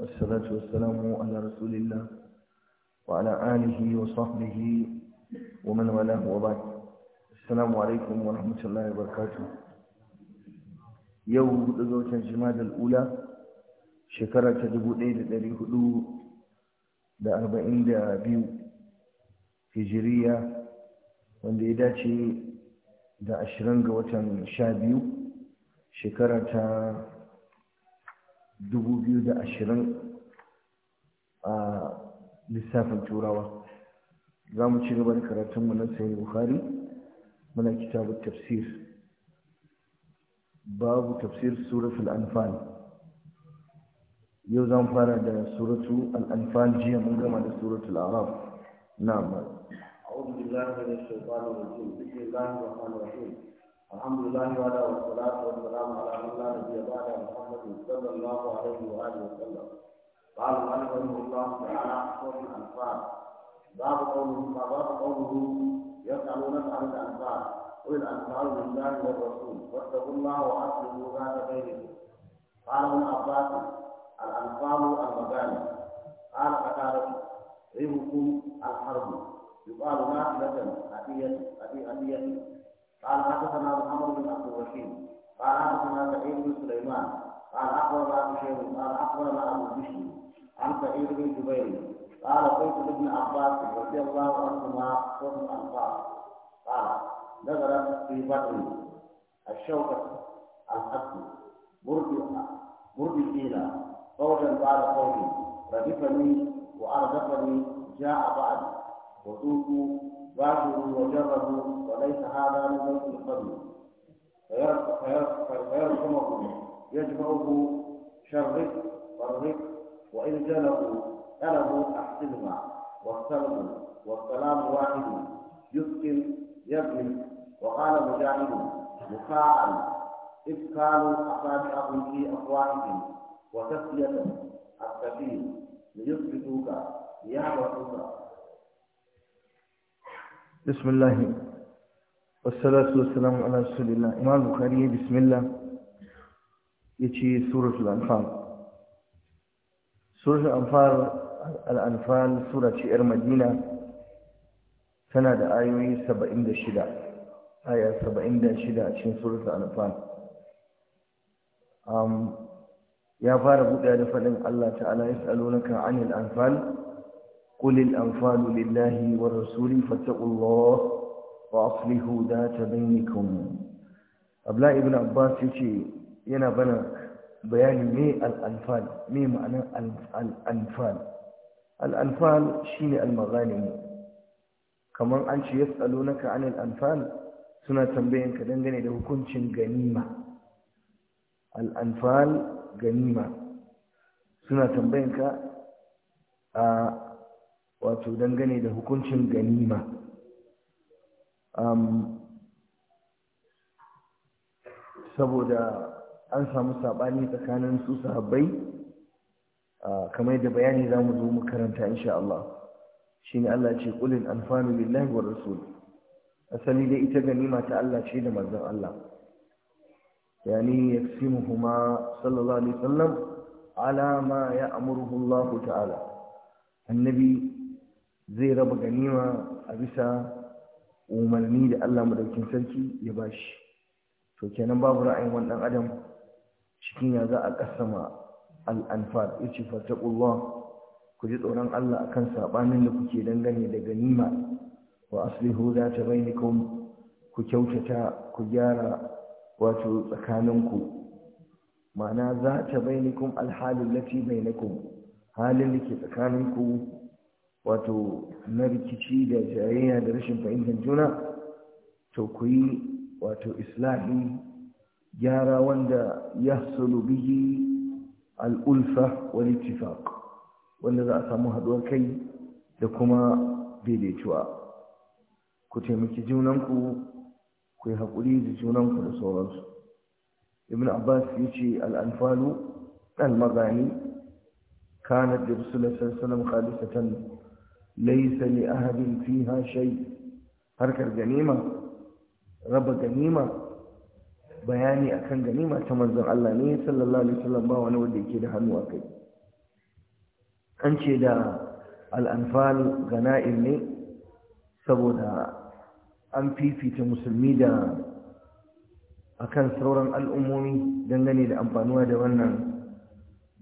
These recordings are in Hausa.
والصلاة والسلام على رسول الله وعلى آله وصحبه ومن والاه وبعد السلام عليكم ورحمة الله وبركاته يوم دزوت الجماد الأولى شكرة تدبو ليلة دريه دو دا أربعين دا بيو هجرية wanda ya dace da ashirin ga watan sha biyu 2020 a lissafin turawa za mu ci gaba da karatunmu na sayi buhari muna kitabun tafsir babu tafsir suratul anfal yau za mu fara da suratul anfal jiya mun gama da suratul arab na'am أعوذ بالله من الشيطان الرجيم بسم الله الرحمن الرحيم الحمد لله وعلى والصلاة والسلام على من لا نبي بعد محمد صلى الله عليه وآله وسلم قال رحمه الله تعالى أحسن الأنفال باب قوله باب قوله يسألونك عن الأنفال قل الأنفال لله والرسول واتقوا الله وأصلحوا ذات بينكم قال ابن عباس الأنفال المغانم قال قتادة ربكم الحرب يقال نافلة أتية أتية قال حدثنا محمد بن عبد الرحيم قال حدثنا سعيد بن سليمان قال اخبرنا بشير قال اخبرنا ابو بشر عن سعيد بن جبير قال قلت لابن عباس رضي الله عنهما وهم الانصار قال نزلت في بدر الشوكه الحسن برد برد فينا فوجا بعد فوج ردفني وأردفني جاء بعد وذوقوا واعبدوا وجربوا وليس هذا من بيت القبر فيرحمه يجمعه شرك والرق وإن جلبوا ألبوا احسنها والسلم والسلام واحد يسكن يبني وقال مجاهد مخاعا إذ أصابعهم في أفواههم وتسلية السفينة ليثبتوك ليحبسوك بسم الله والصلاة والسلام على رسول الله إمام البخاري بسم الله يتي سورة الأنفال سورة الأنفال الأنفال سورة شئر مدينة سنة آيوي سبعين دشدة آية سبعين دشدة شين سورة الأنفال أم يا فارغ يا فلن الله تعالى يسألونك عن الأنفال قل الأنفال لله ورسوله فاتقوا الله وأصلحوا ذات بينكم أبلا ابن عباس يشي ينا بنا بيان مي الأنفال مي معنى الأنفال الأنفال شيني المغانم كمان أنش يسألونك عن الأنفال suna tambayin ka dangane da hukuncin ganima al'anfal ganima suna tambayin ka a wato dangane da hukuncin ganima saboda an samu saɓani tsakanin su sahabbai kamar da bayani za mu zo mu karanta insha Allah shi ne Allah ce ƙulin alfanu lillahi wa rasul asali dai ita ganima ta Allah ce da manzon Allah yani yaksimuhuma sallallahu alaihi wasallam ala ma ya'muruhu Allah ta'ala annabi zai raba ganima a bisa umarni da Allah madaukin sarki ya bashi to kenan babu ra'ayin wannan dan adam cikin ya za a kasama al'anfar ya ce fatakullah ku ji tsoron Allah akan sabanin da kuke dangane da ganima wa aslihu za ta bainikum ku kyautata ku gyara wato tsakaninku ma'ana za ta bainikum alhalin lati bainakum halin da ke tsakaninku wato na rikici da jayayya da rashin fahimtar juna to ku yi wato islahi gyara wanda ya bihi al'ulfa wani tifaq wanda za a samu haɗuwar kai da kuma daidaituwa ku taimaki junanku ku yi haƙuri da junanku da sauransu ibn abbas ya ce al'anfalu ɗan magani kanar da rasulun sallallahu laisa li ahadin fiha harkar ganima raba ganima bayani akan ganima ta manzon Allah ne sallallahu alaihi wasallam ba wani wanda yake da hannu a kai an ce da al'anfal Gana'ir ne saboda an fifita musulmi da akan sauran al'ummomi dangane da amfanuwa da wannan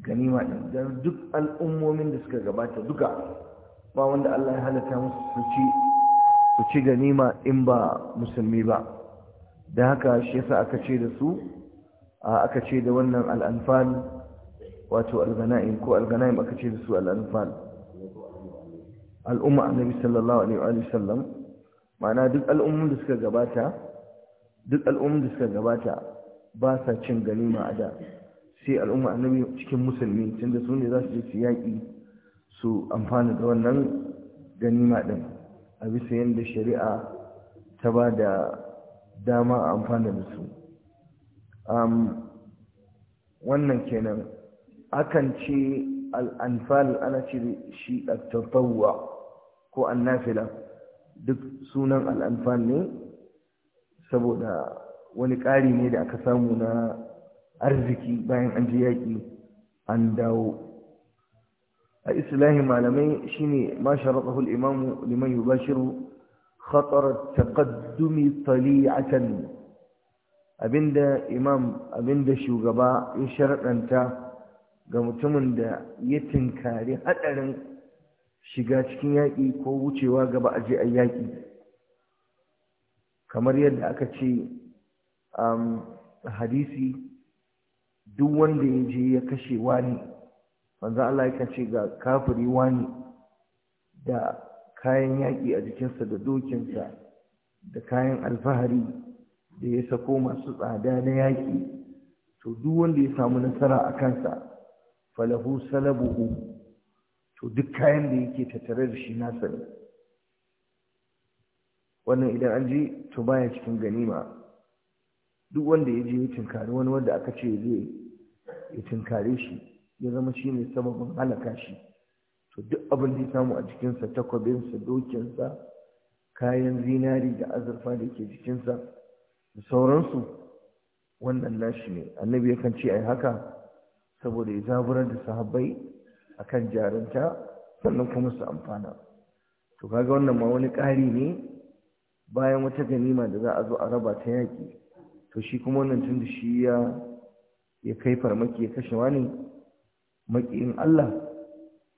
ganima ɗin don duk al'ummomin da suka gabata duka ba wanda Allah ya halatta musu su ci su ci ganima in ba musulmi ba da haka shi yasa aka ce da su aka ce da wannan al'anfan wato al-ghana'im ko al-ghana'im aka ce da su al-anfal al'umma annabi sallallahu alaihi wa sallam ma'ana duk al'ummun da suka gabata duk al'ummun da suka gabata ba sa cin ganima a da sai al'umma annabi cikin musulmi tunda su ne za su je su yaƙi su amfana da wannan ganima ɗin a bisa yadda shari'a ta ba da dama a amfana da su wannan kenan akan ce al'anfal ana ce shi a tabbawa ko annafila duk sunan al'anfal ne saboda wani ƙari ne da aka samu na arziki bayan an ji yaƙi an dawo a islahi malamai shine ma sharatahu al-imam liman yubashiru khatar taqaddumi tali'atan abinda imam abinda shugaba ya sharadanta ga mutumin da ya tinkari haɗarin shiga cikin yaƙi ko wucewa gaba a je a yaƙi kamar yadda aka ce um, hadisi duk wanda ya je ya kashe wani manzo Allah ya ce ga kafiri wani da kayan yaƙi a jikinsa da dokinsa da kayan alfahari da ya sako masu tsada na yaƙi to duk wanda ya samu nasara a kansa falahu salabuhu to duk kayan da yake tattare da shi nasa ne wannan idan an je to baya cikin ganima duk wanda ya je ya tinkari wani wanda aka ce zai ya tinkare shi ya zama shi ne sababin halaka shi to duk abin da ya samu a jikinsa takwabinsa dokinsa kayan zinari da azurfa da ke jikinsa da sauransu wannan nashi ne annabi yakan ce ai haka saboda ya zaburar da sahabbai akan jarinta sannan kuma su amfana to kaga wannan ma wani ƙari ne bayan wata ganima da za a zo a raba ta yaƙi to shi kuma wannan tun da shi ya ya kai farmaki ya kashe wani maƙiyin Allah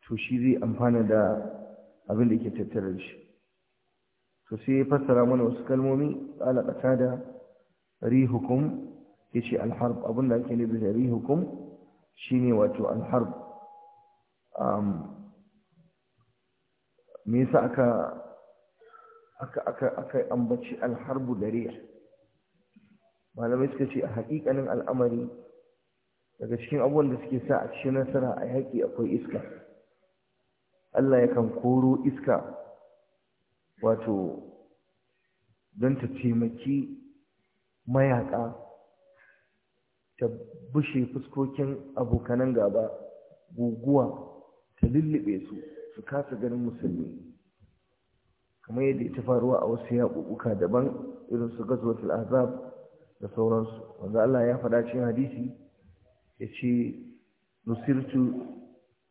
to shi zai amfana da abin da ke tattare shi to sai ya fassara mana wasu kalmomi ala qatada rihukum yace alharb abin da ake nufi da rihukum shine wato alharb me yasa aka aka aka aka ambaci alharbu da rih malamai suka ce a haƙiƙanin al'amari daga cikin abubuwan da suke sa a cikin nasara a yaƙi akwai iska Allah yakan koro iska wato don ta taimaki mayaƙa ta bushe fuskokin abokanan gaba guguwa ta lullube su su kasa ganin musulmi kamar yadda ta faruwa a wasu yaƙuƙuka daban irin su gazwatul azab da sauransu wanda Allah ya faɗa cikin hadisi ya ce nusirtu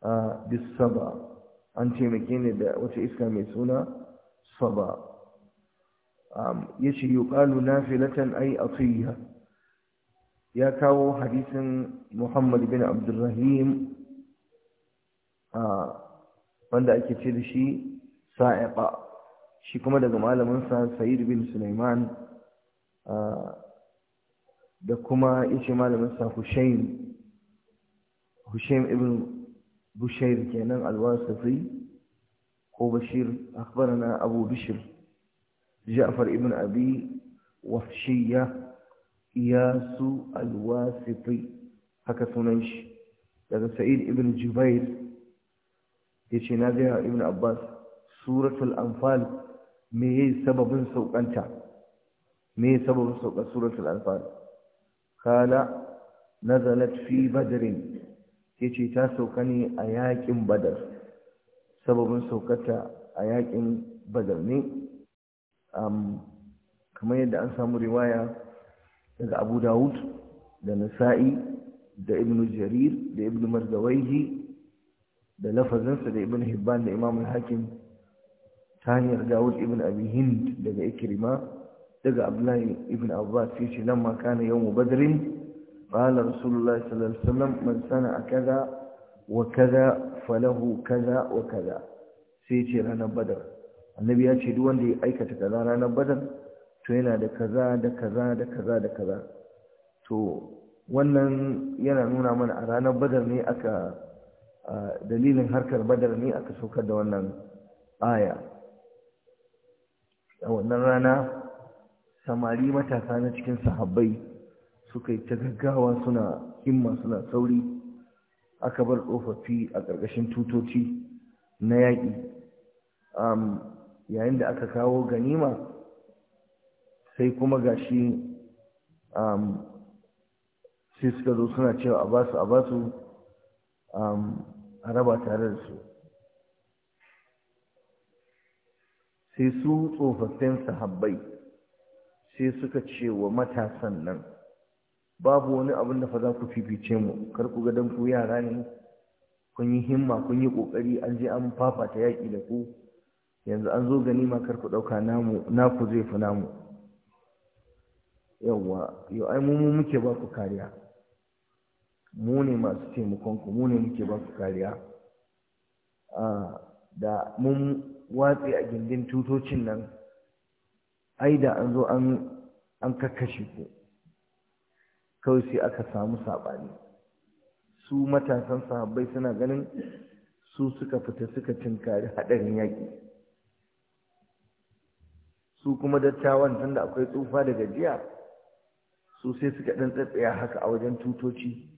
a bisaba an taimake ne da wata iska mai suna saba ya ce yi ƙalu na filatan ai a tsiriya ya kawo hadisin muhammad bin abdurrahim wanda ake ce da shi sa'aƙa shi kuma daga malaminsa sa'id bin sulaiman da kuma yace malaminsa hushain هشيم ابن بشير كينان الواسطي هو بشير أخبرنا أبو بشر جعفر ابن أبي وحشية إياس الواسطي هكا سننش لذا سعيد ابن جبير يشي ناديها ابن عباس سورة الأنفال ميه سبب سوقنتا ميه سبب سوق سورة الأنفال قال نزلت في بدر yace ta sauka ne a yaƙin badar sababin saukata a yakin badar ne kamar yadda an samu riwaya daga abu dawud da nasa'i da ibn jarir da ibn marzawaihi da lafazinsa da ibn hibban da imam hakim ta hanyar dawud ibn abi hind daga ikirima daga abdullahi ibn abbas yace lamma kana yawon badarin. قال رسول الله صلى الله عليه وسلم من صنع كذا وكذا فله كذا وكذا سيتي رانا بدر النبي ya ce duk wanda ya aikata kaza ranar badar to yana da kaza da kaza da kaza to wannan yana nuna mana a ranar badar ne aka dalilin harkar badar ne aka saukar da wannan aya a wannan rana samari matasa na cikin sahabbai suka yi ta gaggawa suna himma suna sauri aka bar tsofaffi a ƙarƙashin tutoci na yaƙi yayin da aka kawo ganima sai kuma gashi sai suka zo suna cewa a basu a basu a raba tare da su sai su tsofaffin sahabbai sai suka ce wa matasan nan babu wani abin da fa za ku fifice mu kar ku ga dan ku yara ne kun yi himma kun yi kokari an je an fafata yaƙi da ku yanzu an zo gani ma kar ku ɗauka namu ku zai fi namu yawwa yau ai mu muke ba ku kariya mu ne masu taimakon ku mu ne muke ba ku kariya da mun watsi a gindin tutocin nan ai da an zo an kakkashe ku kawai sai aka samu saɓani su matasan sahabbai suna ganin su suka fita suka tinkari haɗarin yaƙi su kuma dattawan tunda akwai tsufa da gajiya su sai suka ɗan tsatsaya haka a wajen tutoci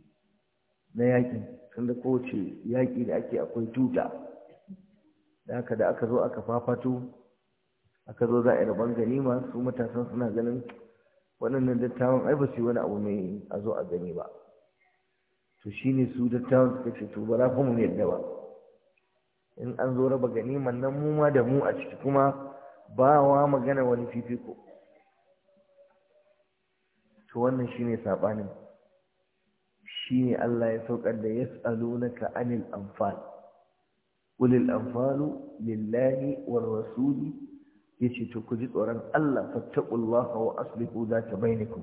na yaƙi tunda kowace yaƙi da ake akwai tuta da haka da aka zo aka fafato aka zo za a yi rabon ganima su matasan suna ganin waɗannan dattawan ai ba su yi wani abu mai a zo a gani ba to ne su dattawan suka ce to ba za mu yadda ba in an zo raba gani nan mu ma da mu a ciki kuma ba wa magana wani fifiko to wannan shine Shi shine Allah ya saukar da yas'alunaka ka'anin anfal qulil anfalu lillahi war rasuli yace to ku ji tsoron Allah fattaqullaha wa aslihu zata bainakum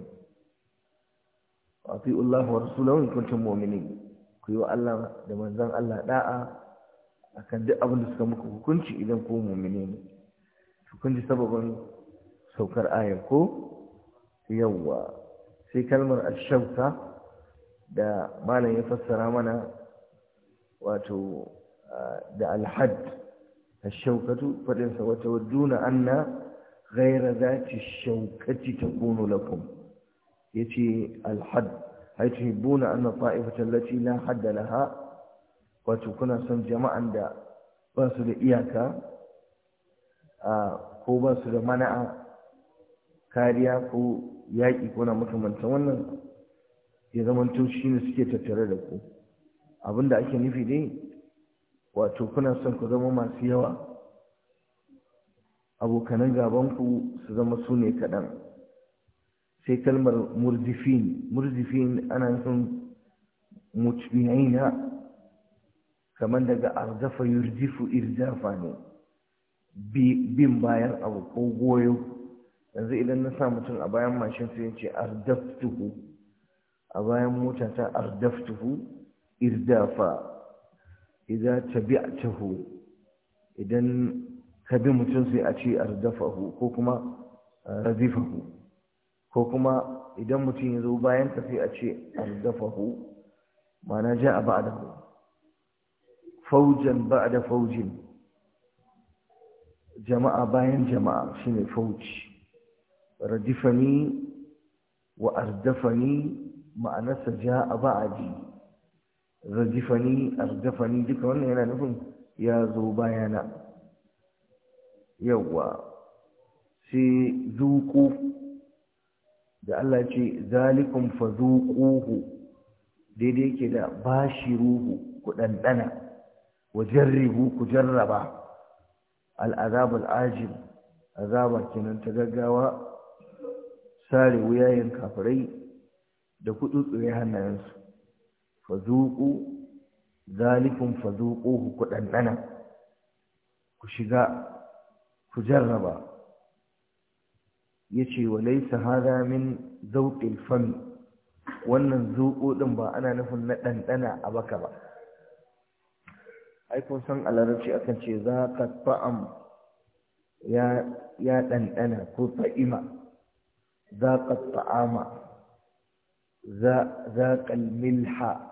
wa ati'u Allah wa rasulahu in kuntum mu'minin ku yi wa Allah da manzon Allah da'a akan duk abin da suka muku hukunci idan ku mu'mini ne to kun ji sababin saukar ayar ko yawwa sai kalmar ash-shawta da malam ya fassara mana wato ah, da al al-hadd الشوكة فلنسى وتودون أن غير ذات الشوكة تكون لكم يتي الحد هل تحبون أن الطائفة التي لا حد لها وتكون سنجمعا عند باسل إياكا ko ba su da mana'a kariya ko yaƙi ko na makamanta wannan ya zamanto shi ne suke tattare da ku abinda ake nufi dai wato kuna son ku zama masu yawa abokanan ku su zama su ne kaɗan sai kalmar murdifin murdifin ana son mutbinaina kamar daga arzafa yurjifu irjafa ne bin bayan abu ko goyo yanzu idan na sa mutum a bayan mashin sai ce arzaftuhu a bayan mota ta ardaftuhu irdafa idan tabi'tahu idan ka bi mutum sai a ce ardafahu ko kuma razifahu ko kuma idan mutum ya zo bayan ka sai a ce ardafahu ma'ana ja'a ba'dahu faujan ba'da faujin jama'a bayan jama'a shine fauci radifani wa ardafani ma'anarsa a ba'adi rajifani arjafani duka wannan yana nufin ya zo bayana yawwa sai zuku da Allah ce zalikum fazuquhu daidai yake da ruhu ku ɗanɗana, wa jarribu ku jarraba al'azab ajib azaba kenan ta gaggawa sare wuyayen kafirai da kudu hannayensu fazuku zalikum fazuquhu ku ɗanɗana ku shiga ku jarraba yace wa laisa hadha min zawqil fam wannan zuƙo ɗin ba ana nufin na ɗanɗana a baka ba ai san a akan ce za ka fa'am ya ɗanɗana ko fa'ima za ka za za milha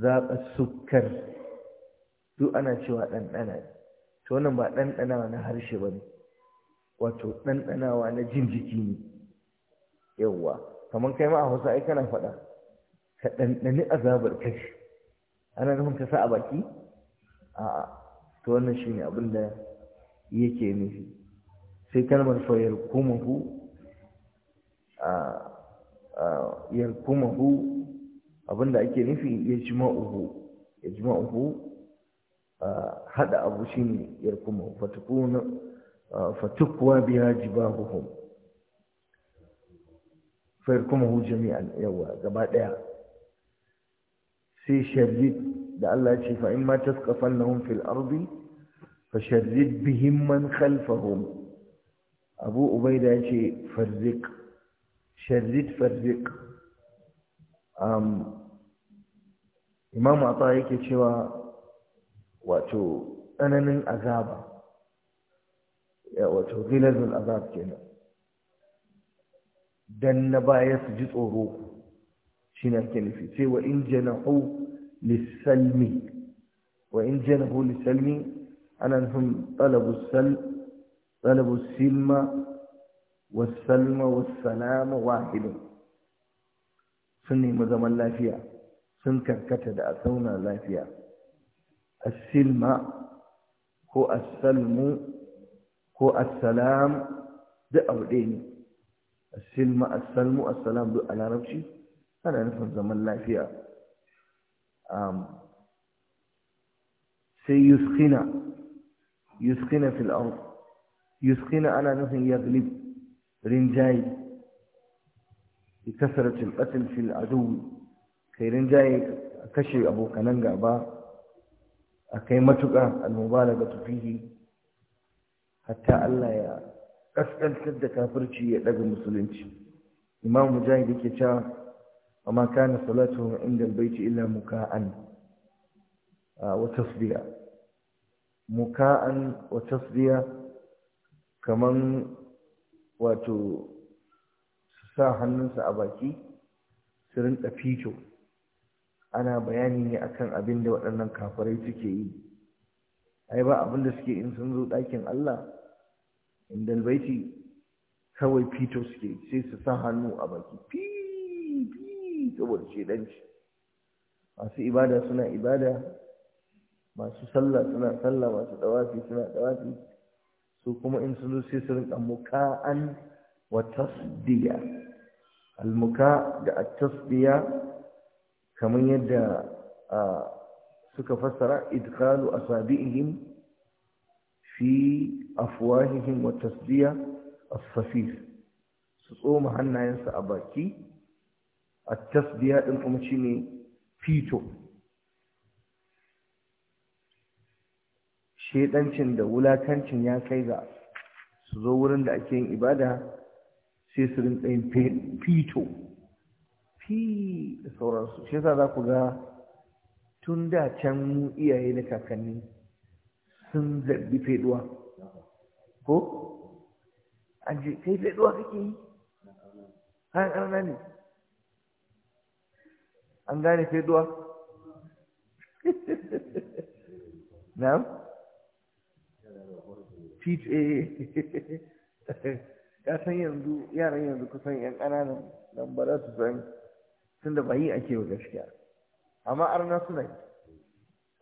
zaɓa sukar. duk ana cewa ɗanɗana to wannan ba ɗanɗanawa na harshe ba ne wato ɗanɗanawa na jin jiki ne yawwa kamar kai ma a hausa ai kana faɗa ka ɗanɗani azabar kai ana nufin ka sa a baki a'a to wannan shine abin da yake nufi sai kalmar kuma hu a hu abinda ake nufi ya jima'uhu ya jima'uhu haɗa abu shi ne ya kuma fatukuwa biya jibahuhum fayar kuma hu jami'an yawa gaba ɗaya sai sharrid da Allah ce fa in ma taskafan nahum fil arbi, fa sharrid bihim man khalfahum abu ubaida ya ce farzik sharrid farzik Um, imamu a yake cewa wato tsananin azaba wato ghilazul azab kenan dan na baya su ji tsoro shine ake nufi sai wa in janahu lisalmi wa in janahu lisalmi ana nufin talabu sal talabu silma والسلم والسلام واحد sun nemi zaman lafiya sun karkata da a sauna lafiya asilma ko asalmu ko asalam duk abu ɗaya ne asilma asalmu asalam duk a larabci ana nufin zaman lafiya sai yuskina yuskina fil'aun yuskina ana nufin yaglib rinjaye bi cin qatl fil adu kai rinjaye kashe abokanan gaba akai matuƙa al-mubalagatu fihi hatta Allah ya ƙasƙantar da kafirci ya ɗaga musulunci imam mujahid yake ca, amma salatu salatuhu inda albayti illa muka'an wa tasbiya muka'an wa tasbiya kaman wato sa hannunsa a baki su rinka fito ana bayani ne akan abin da waɗannan kafirai suke yi ai ba abin da suke in sun zo ɗakin Allah in dalbaiti kawai fito suke sai su sa hannu a baki fi fi saboda shedanci masu ibada suna ibada masu sallah suna sallah masu dawafi suna dawafi su kuma in sun zo sai su rinka muka'an wa almuka da atasdiya kamar yadda suka fassara idkhalu asabi'ihim fi afwahihim wa as-safif su tsoma hannayensu a baki atasdiya din kuma shine fito shedancin da wulakancin ya kai ga su zo wurin da ake yin ibada sai su rinka yin fito fi da sauransu shi yasa za ku ga tun da can iyaye da kakanni sun zabi faiduwa? ko an ce kai faiduwa kake yi har ƙarna ne an gane faiduwa? na? fito eh. ka san yanzu yaran yanzu kusan yan ƙananan nan ba za su san tun da bayi ake wa gaskiya amma arna suna yi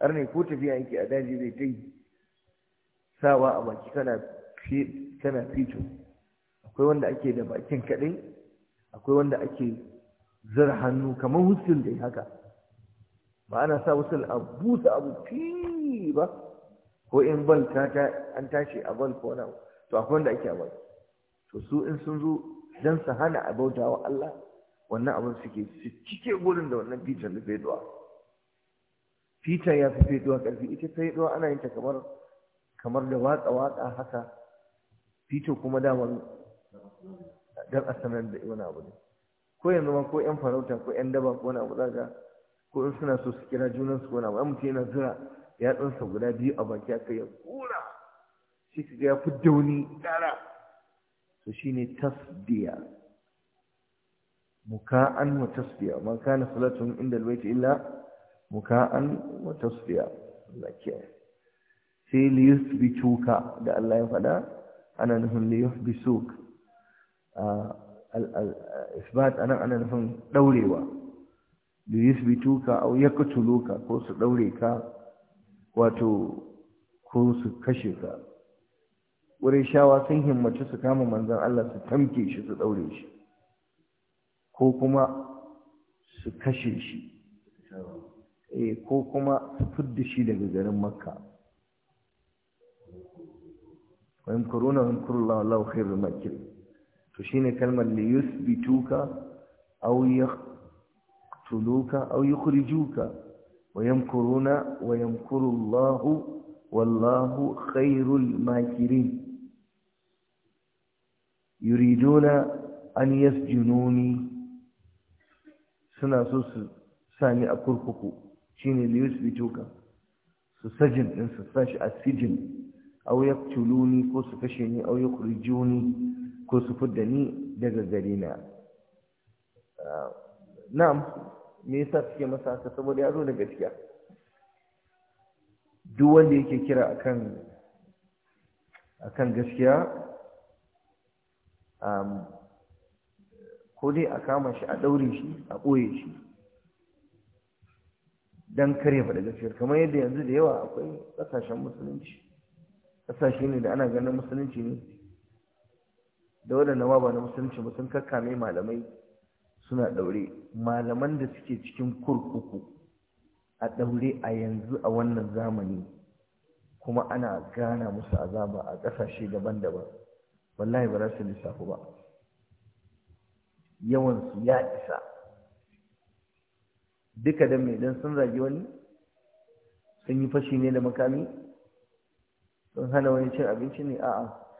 arne ko tafiya yake a daji zai ta yi sawa a baki kana fito akwai wanda ake da bakin kaɗai akwai wanda ake zira hannu kamar hussul da haka ba ana sa hussul a busa abu ba ko in bal ta an tashi a bal ko na to akwai wanda ake a baki to su in sun zo don su hana a bauta wa Allah wannan abin suke su cike gurin da wannan fitar da feduwa fitar ya fi feduwa ƙarfi ita feduwa ana yin ta kamar kamar da watsa watsa haka fito kuma damar don a sanar da wani abu ne ko yanzu ma ko yan farauta ko yan daba ko wani abu zaga ko in suna so su kira junan su wani abu an mutum yana ya yatsunsa guda biyu a baki aka ya kura shi ka ya fi dauni ƙara to shine tasdiya muka'an wa tasdiya man kana salatu inda albayt illa muka'an wa tasdiya Allah ke sai li yuthbituka da Allah ya fada ana nufin li al isbat anan ana nufin daurewa li yuthbituka aw yaqtuluka ko su daure ka wato ko su kashe ka Wurin shawa sun himmatu su kama manzon Allah su tamke shi su daure shi ko kuma su kashe shi eh, ko kuma su fudda shi daga garin makka wa yamkuruna yamkurullahu wallahu khairul makirin to shine kalmar li Bituka aw yaqtuluka aw yukhrijuka wa yamkuruna wa yamkurullahu wallahu khairul makirin yuriduna an yasjununi suna so su sani a kurkuku shine liyusbituka su sajin din su sashi a sijin aw yaqtuluni ko su kashe ni aw yukhrijuni ko su fudda ni daga gare na ah, na'am me yasa suke masa haka saboda ya zo da gaskiya duk wanda yake kira akan gaskiya ko dai a kama shi a ɗaure shi a ɓoye shi don kare faɗa gaskiyar kamar yadda yanzu da yawa akwai ƙasashen musulunci ƙasashe ne da ana ganin musulunci ne da waɗanda ma ba na musulunci sun kakkame malamai suna ɗaure malaman da suke cikin kurkuku a ɗaure a yanzu a wannan zamani kuma ana gana musu azaba a ƙasashe daban-daban wallahi ba za su lissafu ba Yawan su ya isa duka da mai don sun zagi wani sun yi fashi ne da makami sun hana wani cin abinci ne a'a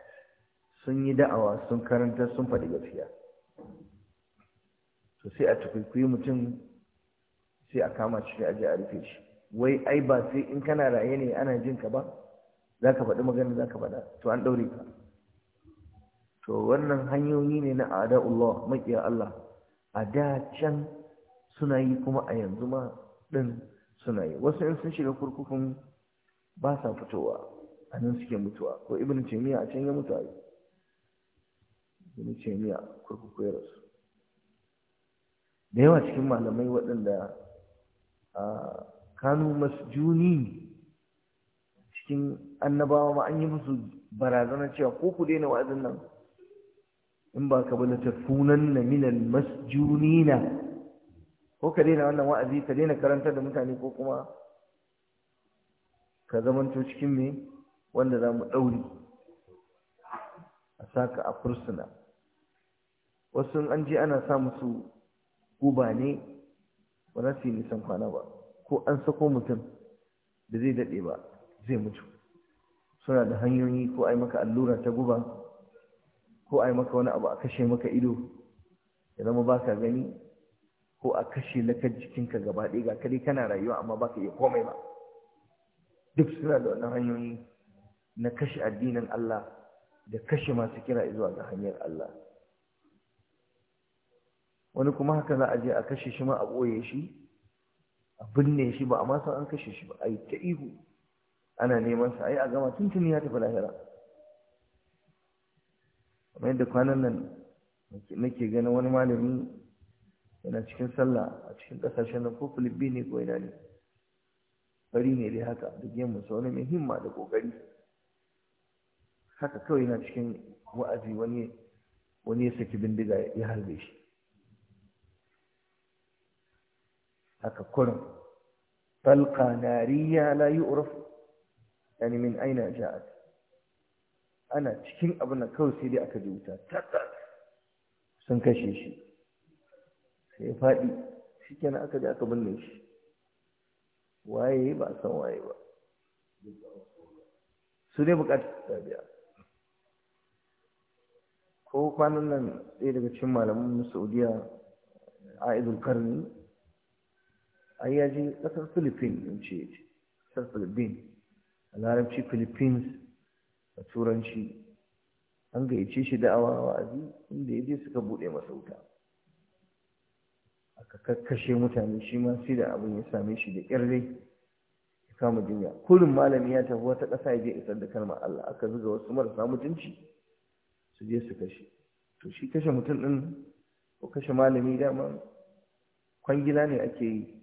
sun yi da'awa sun karanta sun faɗi gaskiya to sai a tukwikwi mutum sai a kama shi a je a rufe shi wai ai ba sai in kana raye ne ana jin ka ba za ka faɗi magana za ka faɗa to an ɗaure ka to wannan hanyoyi ne na ada'ullah maƙiya Allah a da can suna yi kuma a yanzu ma ɗin suna yi wasu in sun shiga kurkukun ba sa fitowa a nan suke mutuwa ko ibn taymiya a can ya mutu a ibn taymiya kurkuku ya rasu da yawa cikin malamai waɗanda kanu masjuni cikin annabawa ma an yi musu barazana cewa ko ku daina wa'azin nan in ba ka bala ta sunan na minal masjunina ko ka daina wannan wa'azi ka daina karanta da mutane ko kuma ka zamanto cikin mai wanda za mu ɗauri a saka a fursuna wasu an je ana sa musu guba ne ba za su yi nisan kwana ba ko an sako mutum da zai daɗe ba zai mutu suna da hanyoyi ko ai maka allura ta guba ko a yi maka wani abu a kashe maka ido ya zama ba ka gani ko a kashe lakar jikinka gaba ɗaya ga kare kana rayuwa amma ba ka iya komai ba duk suna da wannan hanyoyi na kashe addinin Allah da kashe masu kira zuwa ga hanyar Allah wani kuma haka za a je a kashe shi ma a ɓoye shi a binne shi ba a sau an kashe shi ba a yi ta ihu ana neman sa yi a gama tuntuni ya tafi lahira kamar yadda kwanan nan nake ganin wani malami yana cikin sallah a cikin kasashen nan ko filibbi ne ko ina ne bari ne dai haka da gemu sa wani mai himma da kokari haka kawai yana cikin wa'azi wani ya saki bindiga ya harbe shi haka kurin talqa nariya la urufu yani min aina ja'at ana cikin abin nan kawai sai dai aka ji wuta sun kashe shi sai ya faɗi shi kenan aka ji aka binne shi waye ba a san waye ba su ne bukatar tabiya ko kwanan nan ɗaya daga cikin malaman saudiya a idul karni ai ya je ƙasar philippines in ce ƙasar philippines a larabci philippines a turanci an gayyace shi da'awa wa'azi inda ya je suka buɗe masa wuta aka kakkashe mutane shi ma sai da abin ya same shi da ƙyar dai ya kama jinya kullum malami ya tafi wata ƙasa ya je isar da kalmar Allah aka zuga wasu marasa mutunci su je su kashe to shi kashe mutum ɗin ko kashe malami dama kwangila ne ake yi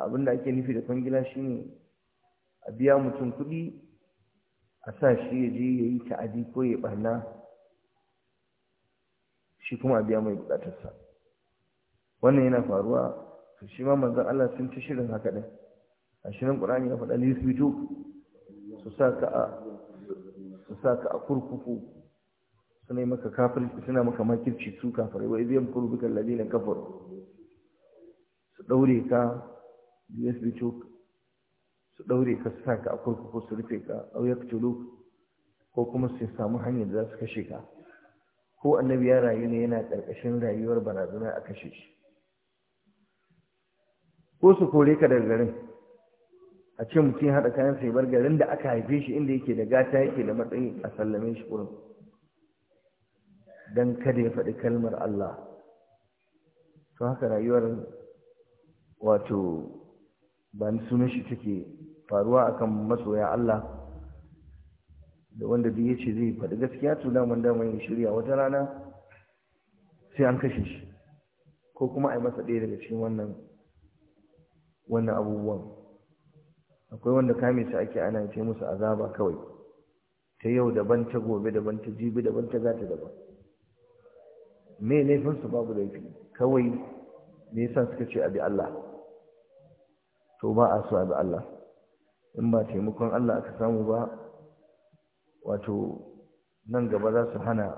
abin da ake nufi da kwangila shine a biya mutum kuɗi a sa shi ya je ya yi ta'adi ko ya ɓana shi kuma a biya mai bukatarsa wannan yana faruwa to shi ma manzan Allah sun ci shirin haka ɗin a shirin Qur'ani ya faɗa lisbitu su sa a a kurkuku suna maka kafirci suna maka makirci su yi wa idh yamkuru bika alladhina kafin su daure ka lisbitu su ɗaure ka su ka a kurkuku su rufe ka wuyar ya ko kuma su samu hanyar da za su kashe ka ko annabi ya rayu ne yana ƙarƙashin rayuwar barazana a kashe shi ko su kore ka daga garin a ce mutum ya haɗa kayan sai bar garin da aka haife shi inda yake da gata yake da matsayi a sallame shi wurin don kada ya faɗi kalmar Allah to haka rayuwar wato ba ni sunan shi take faruwa akan masoya Allah da wanda duk yace zai faɗi gaskiya to da wanda mai shirya wata rana sai an kashe shi ko kuma a yi masa ɗaya daga cikin wannan wannan abubuwan akwai wanda kame su ake ana ce musu azaba kawai ta yau daban ta gobe daban ta jibi daban ta gata daban me laifin su babu laifi kawai me yasa suka ce abi Allah to ba a so abi Allah in ba taimakon Allah aka samu ba wato nan gaba za su hana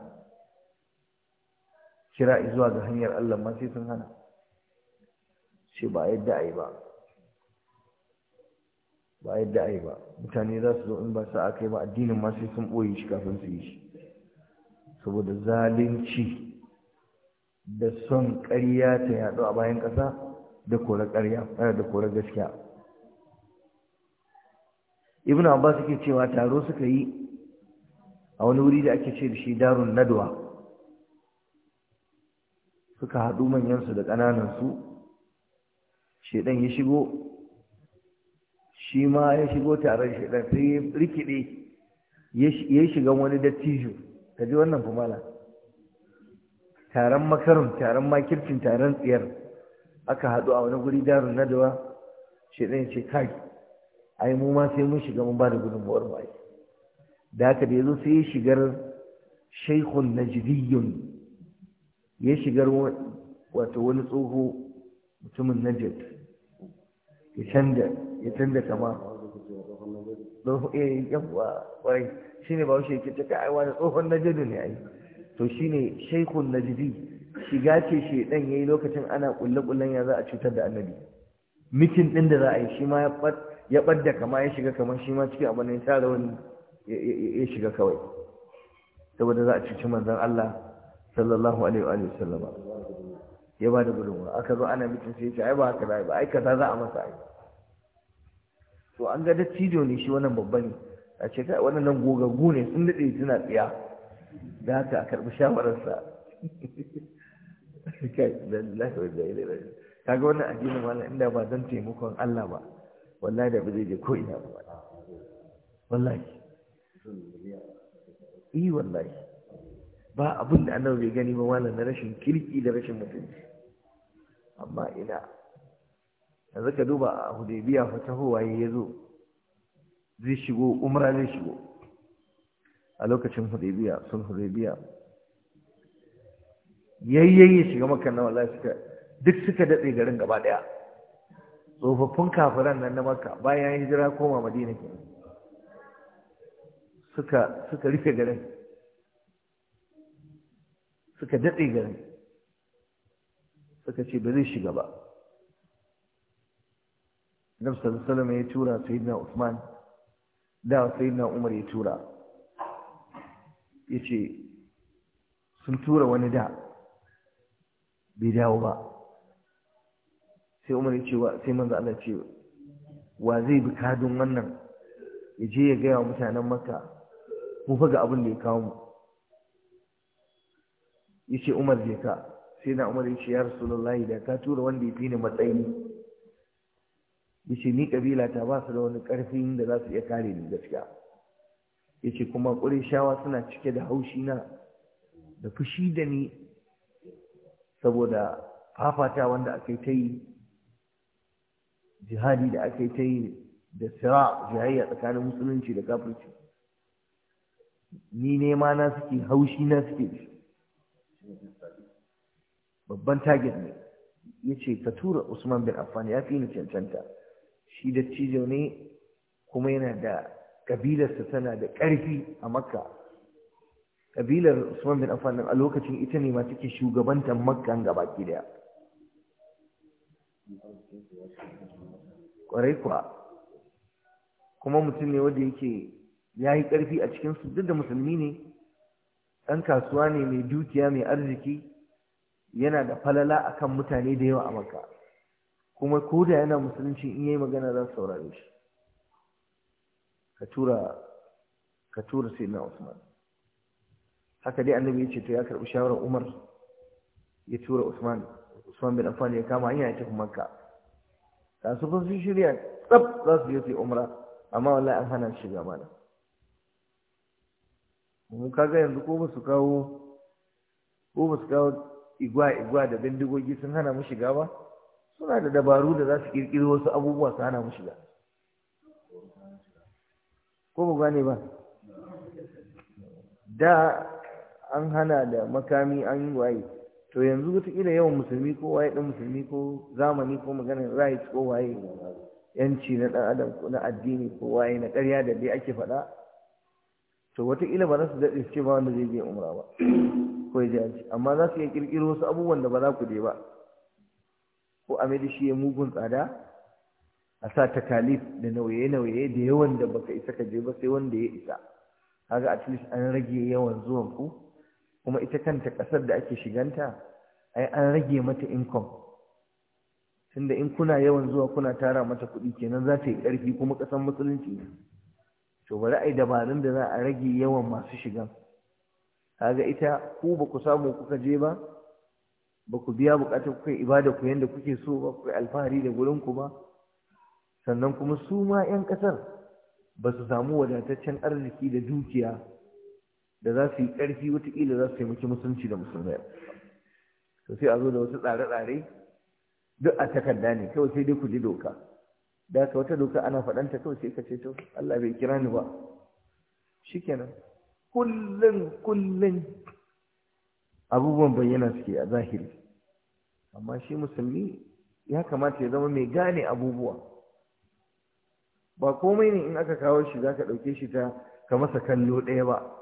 kira zuwa ga hanyar Allah ma sai sun hana sai ba yadda a yi ba ba yadda a yi ba mutane za su zo in ba sa'a kai ba addinin ma sai sun ɓoye shi kafin su yi shi saboda zalunci da son ƙarya ta yaɗu a bayan ƙasa da kore ƙarya eh, da kore gaskiya ibn abbas yake cewa taro suka yi a wani wuri da ake ce da shi darun nadwa suka haɗu manyansu da ƙananansu shaidan ya shigo shi ma ya shigo taron shaidan sai ya rikide ya shiga wani dattijo ka ji wannan fumala taron makarun taron makircin taron tsiyar aka haɗu a wani guri darun nadawa shaidan ya ce kai ai mu ma sai mun shiga mun ba da gudunmuwar mu ai da haka da yazo sai ya shigar shaykhun najdiyyun ya shigar wato wani tsoho mutumin najd ya canza ya canza kama don eh yawa wai shine ba shi ke ta kai wani tsohon najd ne ai to shine shaykhun najdi shiga ce dan yayi lokacin ana kullakullan ya za a cutar da annabi mikin din da za a yi shi ma ya ya ɓadda kama ya shiga kamar shi ma ciki abu ne da wani ya shiga kawai saboda za a cuci manzan Allah sallallahu alaihi wa sallama ya ba da gudunwa aka zo ana mutum sai ya ce ai ba haka ba ai kaza za a masa ai to an ga dattijo ne shi wannan babba ne a ce kai wannan gogaggu ne sun daɗe suna tsiya da haka a karɓi shawararsa kai da lafiya da ilai kaga wannan addinin wannan inda ba don taimakon Allah ba wallahi da ba je ko ina ba wallahi eh wallahi ba abin da annabi bai gani ba malam na rashin kirki da rashin mutunci amma ina yanzu ka duba a hudaybiya fa waye ya zo zai shigo umra zai shigo a lokacin hudaybiya sun hudaybiya yayyayi shiga makka na wallahi suka duk suka datse garin gaba daya tsofaffin kafiran nan na maka, bayan hijira koma madina ke suka suka rufe garin suka datse garin suka ce ba zai shiga ba Nabi salama ya tura Sayyidina Usman da Sayyidina Umar ya tura ya ce sun tura wani da bai dawo ba sai umar ya ce sai manzo Allah ce wa zai bi kadun wannan ya je ya gaya wa mutanen maka mu faga abin da ya kawo mu ya ce umar je ka sai na umar ya ce ya rasulullahi da ka tura wanda ya fi ni matsayi ya ce ni kabila ta ba su da wani karfin da za su iya kare ni gaskiya ya ce kuma shawa suna cike da haushi na da fushi da ni saboda fafata wanda aka yi ta yi jihadi da aka yi ta yi da sira jihayya tsakanin musulunci da kafirci ni nema na suke haushi na suke babban target ne ya ce ka tura usman bin affan ya fi ni cancanta shi da cijo ne kuma yana da ƙabilarsa tana da ƙarfi a makka ƙabilar usman bin affan a lokacin ita ne ma take shugabantar makkan gaba daya Kwarai kuwa kuma mutum ne wanda yake ya yi ƙarfi a cikin duk da musulmi ne ɗan kasuwa ne mai dukiya mai arziki yana da falala akan mutane da yawa a maka kuma ko da yana musulunci in yi magana za su saurare shi ka ka tura sai na usman haka dai annabi ya ce to ya karɓi shawarar umar ya tura usman Usman bin Affan ya kama hanya ya tafi Makka su kun sun shirya tsab za su yi su yi umra amma wallahi an hana shiga mana mu kaga yanzu ko ba su kawo ko ba su kawo igwa igwa da bindigogi sun hana mu shiga ba suna da dabaru da za su kirkiro wasu abubuwa su hana mu shiga ko ba gane ba da an hana da makami an yi waye to yanzu wataƙila yawan musulmi ko waye ɗan musulmi ko zamani ko maganar rights ko waye yanci na ɗan adam ko na addini ko waye na ƙarya da dai ake faɗa to wataƙila ba za su daɗe ce ba wanda zai je umra ba ko ya je amma za su iya ƙirƙiro wasu abubuwan da ba za ku je ba ko a maida shi ya mugun tsada a sa takalif da nauye-nauye da yawan da baka isa ka je ba sai wanda ya isa kaga at least an rage yawan zuwan ku kuma ita kanta ƙasar da ake shiganta ai an rage mata inkom. tunda in kuna yawan zuwa kuna tara mata kuɗi kenan za ta yi ƙarfi kuma ƙasar musulunci ne, to bari ai dabarun da za a rage yawan masu shigan kaga ita ku ba ku samu kuka je ba ba ku biya bukatar kuka ibada ku yanda kuke so ba ku alfahari da gurin ku ba sannan kuma su ma 'yan ƙasar ba su samu wadataccen arziki da dukiya da za su yi ƙarfi wataƙila za su taimaki musulunci da musulmai to sai a zo da wasu tsare-tsare duk a takarda ne kawai sai dai ku ji doka da ka wata doka ana faɗanta kawai sai ka ce to Allah bai kira ni ba shikenan kullun kullun abubuwan bayyana suke a zahiri amma shi musulmi ya kamata ya zama mai gane abubuwa ba komai ne in aka kawo shi za ka ɗauke shi ta ka masa kallo ɗaya ba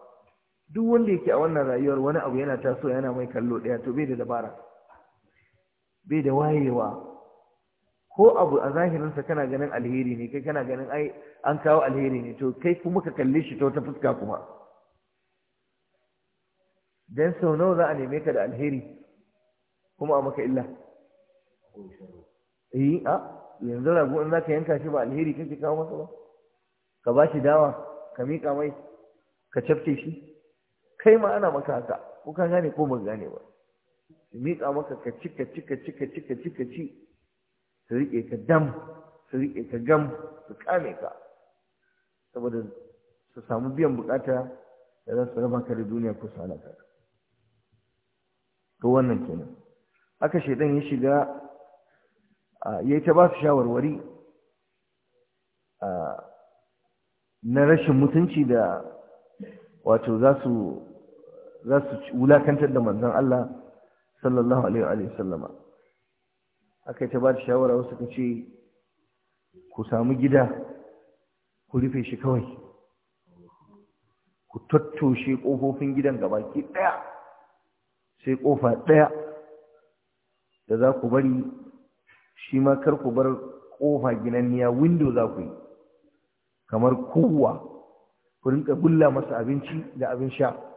duk wanda yake a wannan rayuwar wani abu yana taso yana mai kallo ɗaya to bai da dabara bai da wayewa ko abu a zahirinsa kana ganin alheri ne kai kana ganin ai an kawo alheri ne to kai kuma ka kalle shi ta wata fuska kuma dan sau nawa za a neme ka da alheri kuma a maka illa eh a yanzu rago in zaka yanka shi ba alheri kake kawo masa ba ka ba shi dawa ka miƙa mai ka cafke shi kai ma ana maka haka ko ka gane ko ban gane ba su miƙa maka ka ci ka ci ka ci ka ci ka ci ka ci su riƙe ka dam su riƙe ka gam su kame ka saboda su samu biyan bukata da za su raba ka da duniya ko su halaka to wannan kenan haka shaidan ya shiga ya yi ta ba su shawarwari na rashin mutunci da wato za su za su wulakantar da manzon Allah sallallahu alaihi wa sallama aka ta ba da shawara wasu ka ce ku samu gida ku rufe shi kawai ku tattoshe ƙofofin gidan baki ɗaya sai ƙofa ɗaya da za ku bari shi ma kar ku bar ƙofa ginanniya windo za ku yi kamar kowa ku rinka gulla masa abinci da abin sha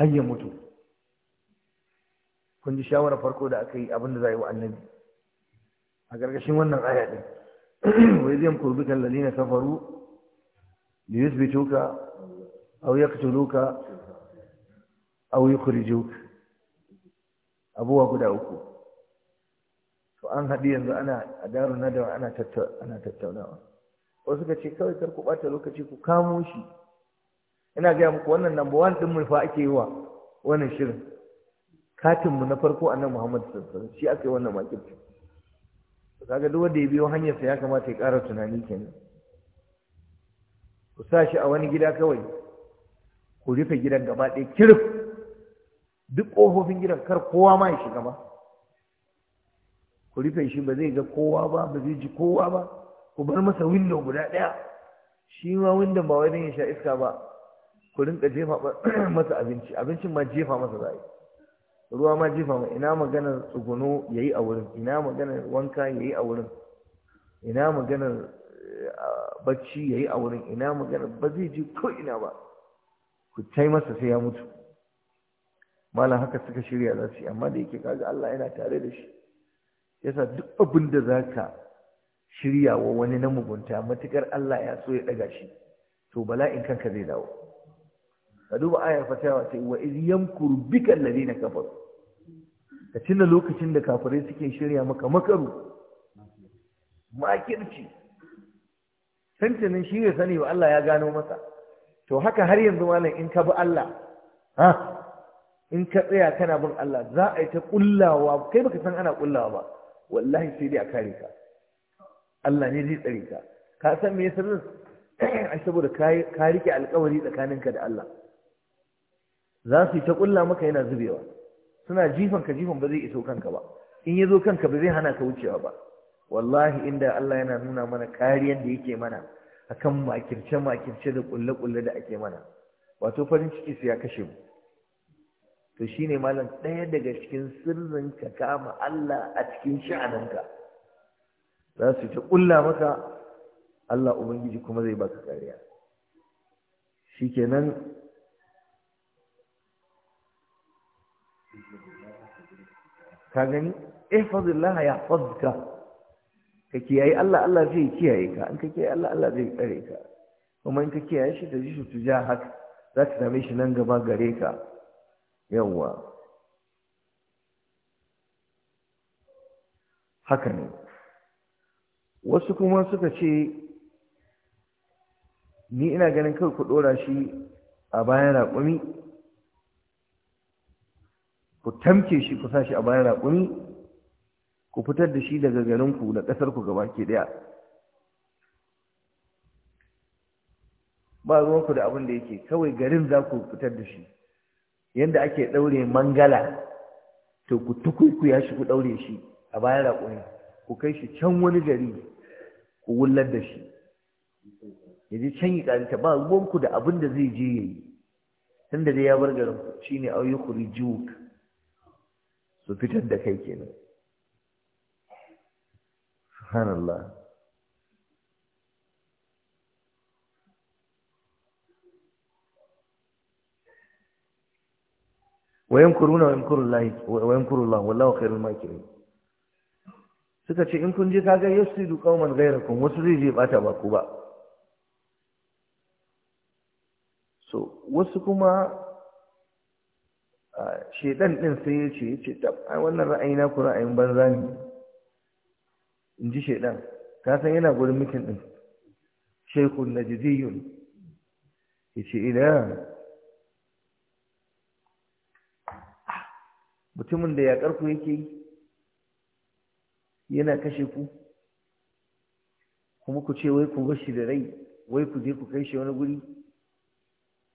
har ya mutu kun ji shawarar farko da aka yi abinda za a yi wa annabi a ƙarƙashin wannan aya ɗin wai zai kurbi kallali na kafaru da yusbituka au yaqtuluka au yukhrijuka abuwa guda uku to an haɗi yanzu ana a na dawa ana tattaunawa wasu ka ce kawai kar ku ɓata lokaci ku kamo shi ina gaya muku wannan number one ɗin mu fa ake yi wa wannan shirin katin mu na farko a nan sallallahu alaihi wasallam shi ake wannan makirci kaga duk wanda ya biyo hanyar sa ya kamata ya ƙara tunani kenan ku sa shi a wani gida kawai ku rufe gidan gaba ɗaya kirif duk ƙofofin gidan kar kowa ma ya shiga ba ku rufe shi ba zai ga kowa ba ba zai ji kowa ba ku bar masa window guda ɗaya shi ma window ba wai ya sha iska ba ku rinka jefa masa abinci abincin ma jefa masa za yi ruwa ma jefa ma ina maganar tsuguno ya yi a wurin ina maganar wanka ya yi a wurin ina maganar eh, bacci ya yi a wurin ina maganar ba zai ji ko ina ba ku tai masa sai ya mutu malam haka suka shirya za su yi amma da yake kaga Allah yana tare da shi yasa duk abin da za ka shirya wa wani na mugunta matukar Allah ya so ya ɗaga shi to bala'in kanka zai dawo ka duba ayar fasawa ce wa iz yamkuru bika alladhina kafar. ka tuna lokacin da kafirai suke shirya maka makaru makirci tantanin shi ne sani wa Allah ya gano masa to haka har yanzu malam in ka bi Allah ha in ka tsaya kana bin Allah za a yi ta kullawa kai baka san ana kullawa ba wallahi sai dai a kare ka Allah ne zai tsare ka ka san me yasa a saboda ka rike alkawari tsakaninka da Allah za su yi ta ƙulla maka yana zubewa suna jifan ka jifan ba zai iso kanka ba in ya zo kanka ba zai hana ka wucewa ba wallahi inda Allah yana nuna mana kariyar da yake mana akan makirce makirce da ƙulle ƙulle da ake mana wato farin ciki su ya kashe mu to shine malam ɗaya daga cikin sirrin ka kama Allah a cikin sha'aninka za su ta ƙulla maka Allah Ubangiji kuma zai baka kariya shikenan ka gani ya fadka ka kiyaye Allah Allah zai kiyaye ka in ka kiyaye Allah Allah zai tsare ka kuma in ka kiyaye shi da jishu tuja haka za ka same shi nan gaba gare ka yawwa haka ne wasu kuma suka ce ni ina ganin kawai ku ɗora shi a bayan raƙumi ku tamke shi ku sa shi a bayan raƙumi ku fitar da shi daga garinku da ƙasarku gaba ke ɗaya ba ruwanku da abin da yake kawai garin za ku fitar da shi yadda ake ɗaure mangala to ku tukuku ya shi ku ɗaure shi a bayan raƙumi ku kai shi can wani gari ku wullar da shi ya can yi ƙarita ba ruwanku da abin da zai je ya yi tun dai ya bar garin shi shine auyukuri jiwuka su fitar da kai nan subhanallah ويمكرون Wayan الله ويمكر wallawa والله خير suka ce in kun je kaga man qauman kun, wasu zai je bata ba ku ba so wasu kuma shedan din sai ya ce ya ce wannan ra'ayi na ku ra'ayin banza ne in ji shedan ka san yana gurin mutum din shaykhun najdiyun ya ce ila mutumin da yaƙar ku yake yana kashe ku kuma ku ce wai ku bashi da rai wai ku je ku kai shi wani guri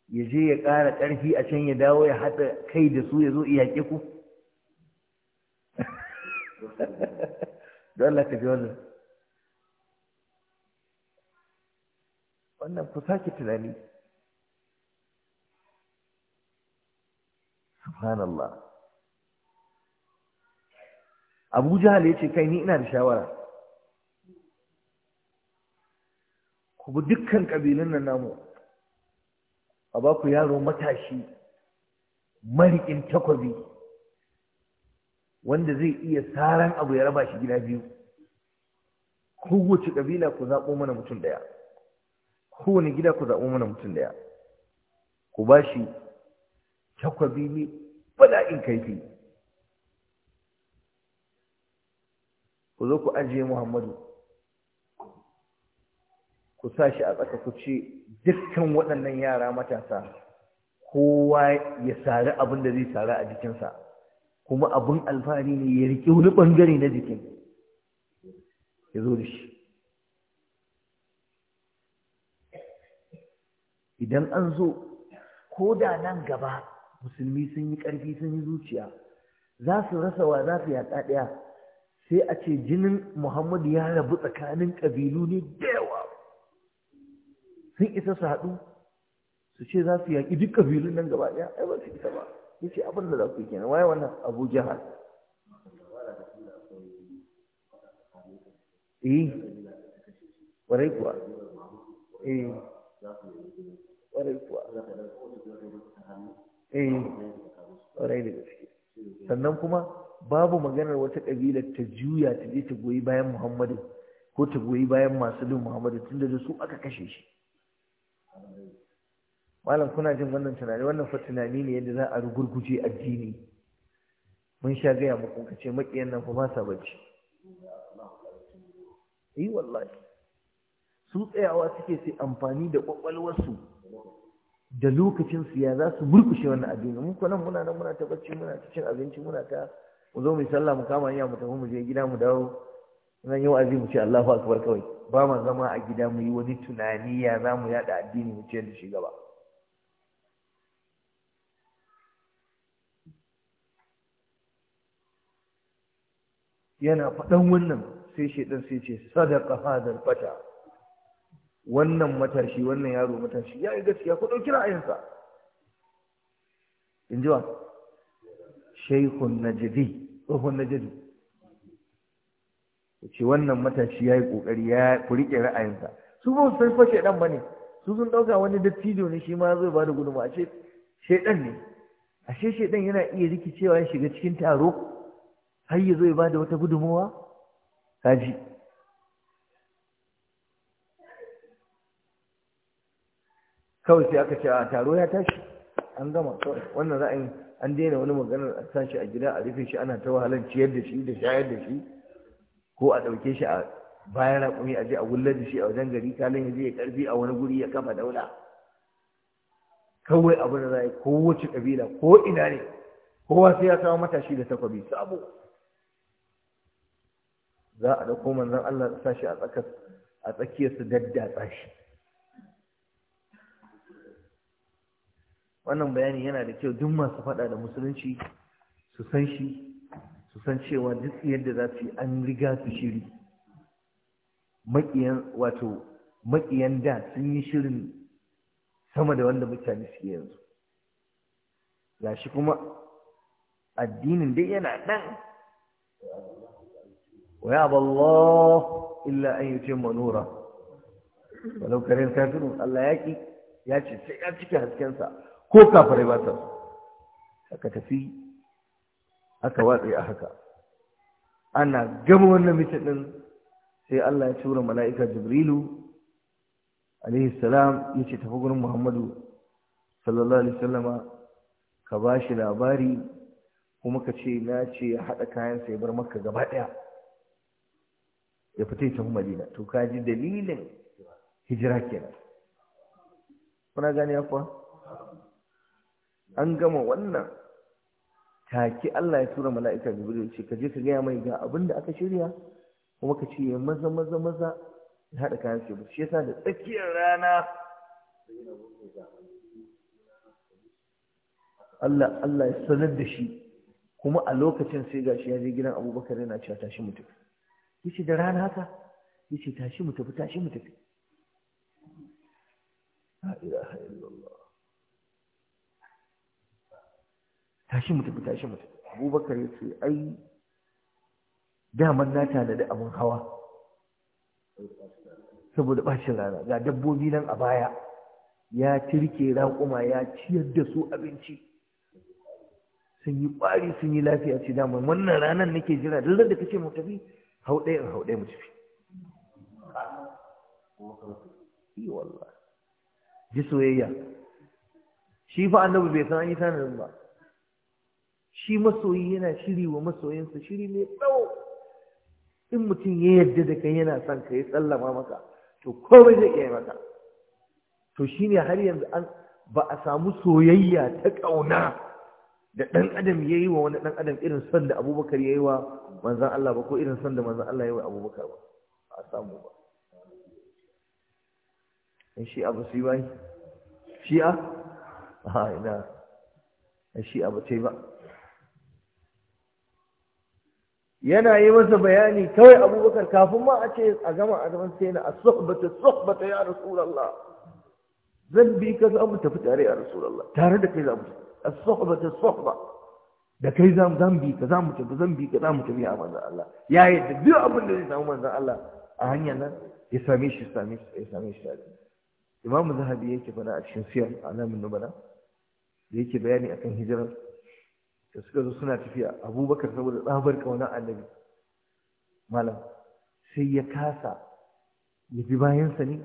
ya je ya ƙara ƙarfi a can ya dawo ya haɗa kai da su ya zo iya ku don laka ji wannan wannan ku sake tunani subhanallah abu jihar ya ce kai ni ina da shawara ku bi dukkan ƙabilun nan namu a ba ku yaro matashi mariƙin takwabi wanda zai iya saran abu ya raba shi gida biyu kowace ƙabila ku zaɓo mana mutum ɗaya kowane gida ku zaɓo mana mutum ɗaya ku ba shi takwabi ne bala'in kaifi ku zo ku ajiye muhammadu ku sa shi a tsaka ku ce dukkan waɗannan yara matasa kowa ya sari abin da zai sari a jikinsa kuma abin alfahari ne ya riƙe wani ɓangare na jikin ya zo da shi idan an zo ko da nan gaba musulmi sun yi ƙarfi sun yi zuciya za su rasa wa za su yaƙa ɗaya sai a ce jinin muhammadu ya rabu tsakanin ƙabilu ne da yawa sun isa su haɗu su ce za su yaƙi duk ƙabilun nan gaba ɗaya ai ba su isa ba ya ce abin da za ku yi kenan waye wannan abu jihar eh ƙwarai kuwa eh ƙwarai kuwa eh ƙwarai da gaske sannan kuma babu maganar wata ƙabila ta juya ta je ta goyi bayan muhammadu ko ta goyi bayan masu bin muhammadu tun da su aka kashe shi malam kuna jin wannan tunani wannan fa tunani ne yadda za a rugurguje addini mun sha gaya muku ka ce maƙiyan nan fa ba sa bacci yi eh, wallahi su tsayawa suke sai amfani da ƙwaƙwalwarsu da lokacinsu ya za su murkushe wannan addini mun nan muna nan muna ta bacci muna ta cin abinci muna ta mu zo mu yi sallah mu kama hanya mu tafi mu je gida mu dawo nan yau azi ce Allahu akbar kawai ba ma zama a gida mu yi wani tunani ya za mu yada addini mu ce da shi gaba yana faɗan wannan sai shaidan sai ce sadaka hadal fata wannan matashi wannan yaro matashi ya yi gaskiya ku ɗauki ra'ayinsa in ji wa Shaikun Najidi, tsohon Najidi. ce wannan matashi ya yi ƙoƙari ya ku riƙe ra'ayinsa su ba su fa shaidan ba ne su sun ɗauka wani dattijo ne shi ma zai ba da gudunmu a ce shaidan ne ashe shaidan yana iya rikicewa ya shiga cikin taro har ya zai ba da wata gudunmuwa kawai sai aka ce a taro ya tashi an gama kawai wannan ra'ayin an daina wani maganar a tashi a gida a rufe shi ana ta wahalar ciyar da shi da shayar da shi ko a ɗauke shi a bayan raƙumi a je a gullar da shi a wajen gari kalin ya je ya karfi a wani guri ya kafa daula kawai abin da za a yi kowace ƙabila ko ina ne kowa sai ya kawo matashi da takwabi sabo za a ɗauko manzon Allah sa sashi a a tsakiyar su daddatsa shi wannan bayani yana da kyau duk masu faɗa da musulunci su san shi su san cewa duk yadda za su yi an riga su shiri maƙiyan wato maƙiyan da sun yi shirin sama da wanda mutane suke yanzu ga shi kuma addinin dai yana nan wa ya Allah illa an yi cimma nura walau karin kafirin Allah ya ki ya ce sai ya cike haskensa ko kafirai ba ta haka tafi aka watsi a haka ana gama wannan mitin din sai Allah ya tura mala'ika Jibrilu alaihi salam yace tafi gurin Muhammadu sallallahu alaihi wasallama ka bashi labari kuma ka ce na ce ya haɗa kayan sai bar maka gaba ɗaya ya fita ya tafi Madina to ka ji dalilin hijira kenan kuna gane fa? an gama wannan take Allah ya tura mala'ika Jibril ce ka je ka gaya mai ga abin da aka shirya kuma ka ce maza maza maza ya haɗa kayan ce shi yasa da tsakiyar rana Allah Allah ya sanar da shi kuma a lokacin sai gashi ya je gidan Abubakar yana cewa tashi mu tafi yace da rana haka yace tashi mu tafi tashi mu tafi ila ha tashi mu tafi tashi mu tafi abubakar ya ce ai daman na da abin hawa saboda ɓacin rana ga dabbobi nan a baya ya tirke raƙuma ya ciyar da su abinci sun yi ƙwari sun yi lafiya ce damar wannan ranar nake jira duk da kace mu tafi hau in hau mu tafi yi ji soyayya shi fa annabi bai san an yi tanadin ba shi masoyi yana shiri wa masoyinsa shiri mai tsawo in mutum ya yarda da kai yana son ka ya tsallama maka to komai zai iya maka to shi ne har yanzu an ba a samu soyayya ta ƙauna da ɗan adam ya yi wa wani ɗan adam irin son da abubakar ya yi wa manzan Allah ba ko irin son da manzan Allah ya yi wa abubakar ba a samu ba in shi'a ba su yi ba shi'a? ha ina in shi'a ba ce ba yana yi masa bayani kawai abubakar kafin ma a ce a gama a sai na a suhbata suhbata ya rasulallah zan bi ka za mu tafi tare ya rasulallah tare da kai za mu tafi a suhbata suhba da kai za mu zan bi ka za mu tafi zan bi ka za mu tafi ya manzan Allah ya yi da duk abin da zai samu manzan Allah a hanyar nan ya same shi same shi ya same shi tare imamu zahabi yake fada a cikin siyar alamin nubala da yake bayani akan hijirar da suka zo suna tafiya abubakar saboda tsabar ƙaunar annabi malam sai ya kasa ya bi bayansa ne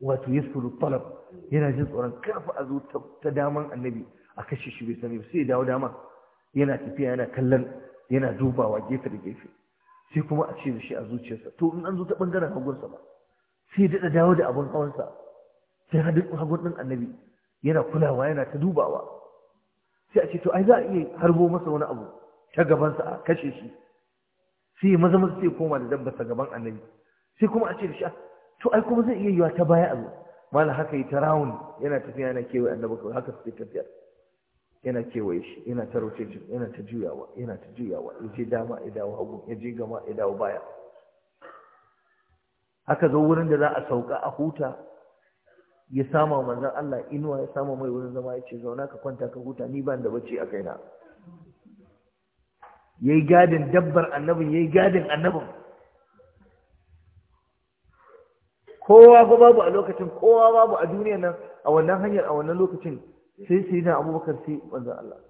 wato ya suru talab yana jin tsoron karfa a zo ta daman annabi a kashe shi bai sani sai ya dawo dama yana tafiya yana kallon yana dubawa gefe da gefe sai kuma a ce shi a zuciyarsa to in an zo ta bangaren hagunsa ba sai daɗa dawo da abin hawansa sai hadin hagun ɗin annabi yana kulawa yana ta dubawa sai a ce to ai za a iya harbo masa wani abu ta gabansa a kashe shi sai ya maza maza sai koma da dabbarsa gaban annabi sai kuma a ce da shi to ai kuma zai iya yiwa ta baya abu mala haka yi ta rawun yana tafiya yana kewaye annabi kawai haka suke tafiya yana kewaye shi yana ta roce shi yana ta juyawa yana ta juyawa ya je dama ya dawo hagu ya je gama ya dawo baya haka zo wurin da za a sauka a huta ya sama manzan Allah inuwa ya sama mai wurin zama ya ce zauna ka kwanta ka huta ni ban da bacci a kaina ya yi gadin dabbar annabin ya yi gadin annabin kowa ba babu a lokacin kowa babu a duniya nan a wannan hanyar a wannan lokacin sai sai na abubakar sai manzan Allah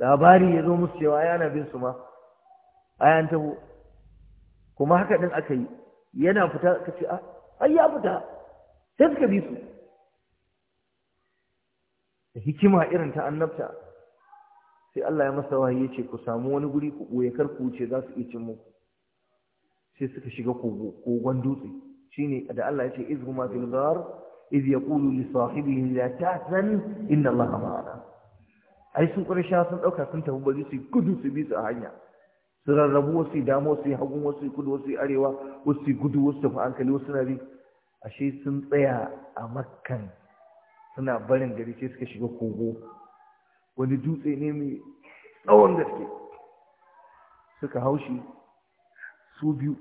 labari ya zo musu cewa yana bin su ma ayan tabo kuma haka din aka yi yana fita ka ce ah, ai ya fita sai suka bi su da hikima irin ta annabta sai Allah ya masa wahayi yace ku samu wani guri ku boye kar ku wuce za su iya cin muku sai suka shiga kogo kogon dutse shine da Allah yace izhuma fil ghar iz yaqulu li sahibihi la tahzan inna Allah ma'ana ai sun kurisha sun dauka sun tafi bari su gudu su bi su a hanya su rarrabu wasu dama wasu hagu wasu kudu wasu arewa wasu gudu wasu tafi hankali wasu na bi ashe sun tsaya a makkan suna barin gari sai suka shiga kogo wani dutse ne mai tsawon gaske suka haushi su biyu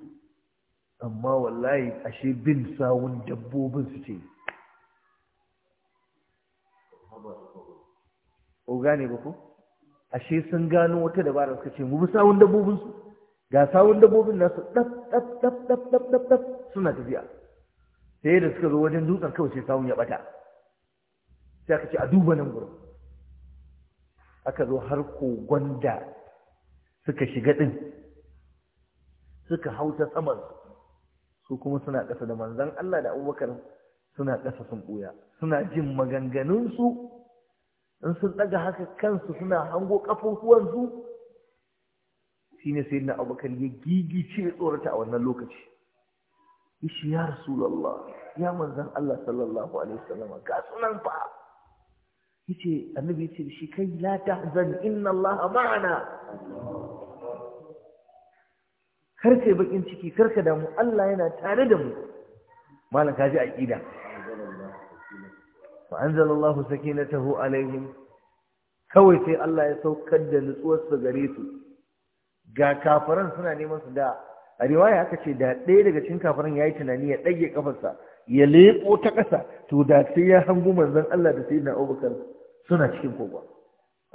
amma wallahi ashe bin sawun dabbobin su ce ko gane ba ko? ashe sun gano wata dabara suka ce mu bi sawun dabbobin su ga sawun dabbobin nasu dab dab dab dab dab dab dab suna tafiya sai da suka zo wajen dutsen kawai sai sawun ya bata sai aka ce a duba nan gurin aka zo har kogon da suka shiga din suka hau ta saman su kuma suna ƙasa da manzan Allah da abubakar suna ƙasa sun ɓuya suna jin maganganunsu in sun ɗaga haka kansu suna hango ƙafafuwansu shi ne sai na abokan ya gigice ya tsorata a wannan lokaci ishi ya rasulallah ya manzan Allah sallallahu alaihi wasallama ga sunan fa ce annabi yace shi kai la zan inna Allah ma'ana kar kai bakin ciki kar ka damu Allah yana tare da mu malam kaji aqida Anzalallahu anzala na sakinatahu alaihim kawai sai Allah ya saukar da nutsuwar su gare su ga kafaran suna neman su da a riwaya aka ce da ɗaya daga cikin kafaran yayi tunani ya ɗage kafarsa ya leƙo ta ƙasa to da sai ya hango manzon Allah da sayyidina Abubakar suna cikin kogo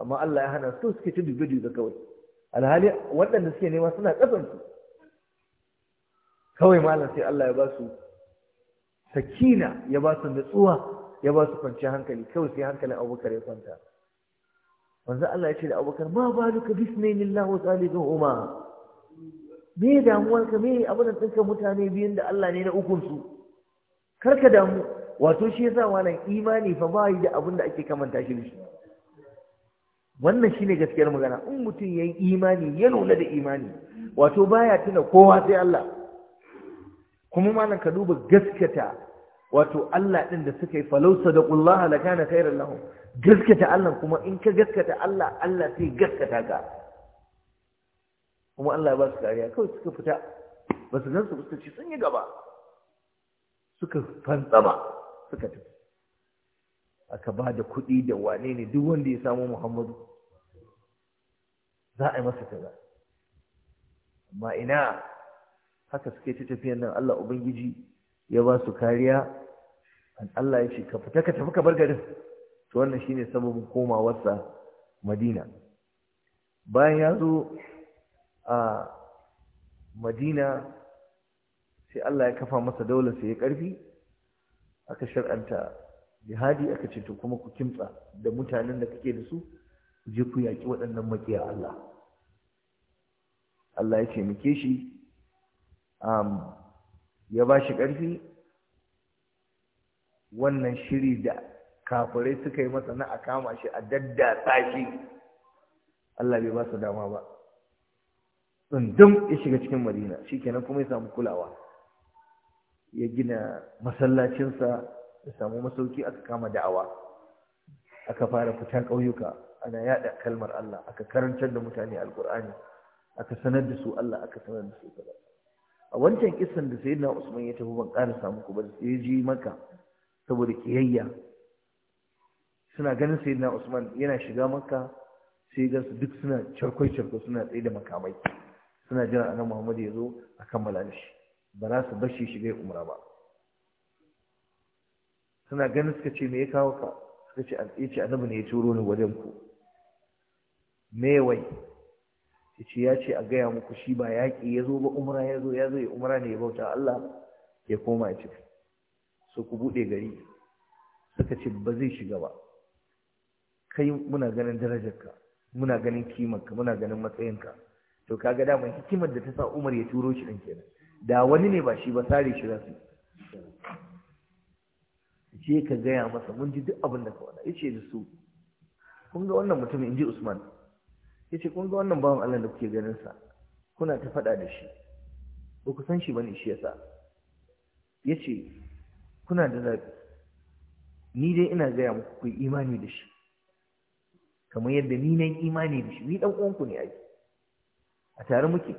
amma Allah ya hana su suke ci dubi da kawai alhali waɗanda suke nema suna ƙasansu kawai malam sai Allah ya ba sakina ya basu nutsuwa ya ba su kwanci hankali kawai sai hankalin abubakar ya kwanta Wanzu Allah ya ce da abubakar ma baluka Allah wa salihuhuma me ka? me abin da tsinka mutane biyun da Allah ne na ukun karka damu wato shi yasa wannan imani fa ba yi da abin da ake kamanta shi shi wannan shi ne gaskiyar magana in mutum ya yi imani ya lura da imani wato baya tuna kowa sai Allah kuma malam ka duba gaskata wato Allah ɗin da suka yi falau sadaqullah la kana khairan lahum gaskata Allah kuma in ka gaskata Allah Allah sai gaskata ka kuma Allah ba su kariya kawai suka fita ba su gansu ba su sun yi gaba suka fantsama suka tafi aka ba da kuɗi da wane ne duk wanda ya samu Muhammadu za a yi masa kaza amma ina haka suke ta tafiyan nan Allah ubangiji ya ba su kariya Allah ya ce ka fita ka tafi ka bar garin to wannan shine sababin komawarsa Madina bayan ya zo a Madina sai Allah ya kafa masa daular sai ya karfi aka shar'anta jihadi aka ce to kuma ku kimtsa da mutanen da kake da su je ku yaki waɗannan makiya Allah Allah ya muke shi ya ba shi ƙarfi wannan shiri da kafirai suka yi masa na a kama shi a dadda shi Allah bai ba su dama ba tsundum ya shiga cikin madina shikenan kuma ya samu kulawa ya gina masallacinsa ya samu masauki aka kama da'awa aka fara fita ƙauyuka ana yada kalmar Allah aka karantar da mutane alkur'ani aka sanar da su Allah aka sanar da su a wancan kisan da sayyidina Usman ya tafi ban ƙara samu ku ba ya ji maka saboda kiyayya suna ganin sai na Usman yana shiga Makka sai ga su duk suna charkoi charkoi suna tsaye da makamai suna jiran annabi Muhammad ya zo a kammala shi ba za su bashi shiga umra ba suna ganin suka ce me ya kawo ka suka ce ce annabi ne ya turo ni wajen ku me wai yace ya ce a gaya muku shi ba yaƙi ya zo ba umra ya zo ya zo ya umra ne ya bauta Allah ya koma ya cika so ku buɗe gari suka ce ba zai shiga ba kai muna ganin darajarka muna ganin kimanka muna ganin matsayinka to kaga daman hikimar da ta sa Umar ya turo shi ɗan kenan da wani ne ba shi ba sare shi rasu je ka gaya masa mun ji duk abin da ka wada yace da su kun ga wannan mutumin inji Usman yace kun ga wannan bawan Allah da kuke ganin sa kuna ta faɗa da shi ba ku san shi bane shi yasa yace kuna da zaɓi ni dai ina gaya muku ku imani da shi kamar yadda ni na imani da shi ni ɗan uwanku ne ake a tare muke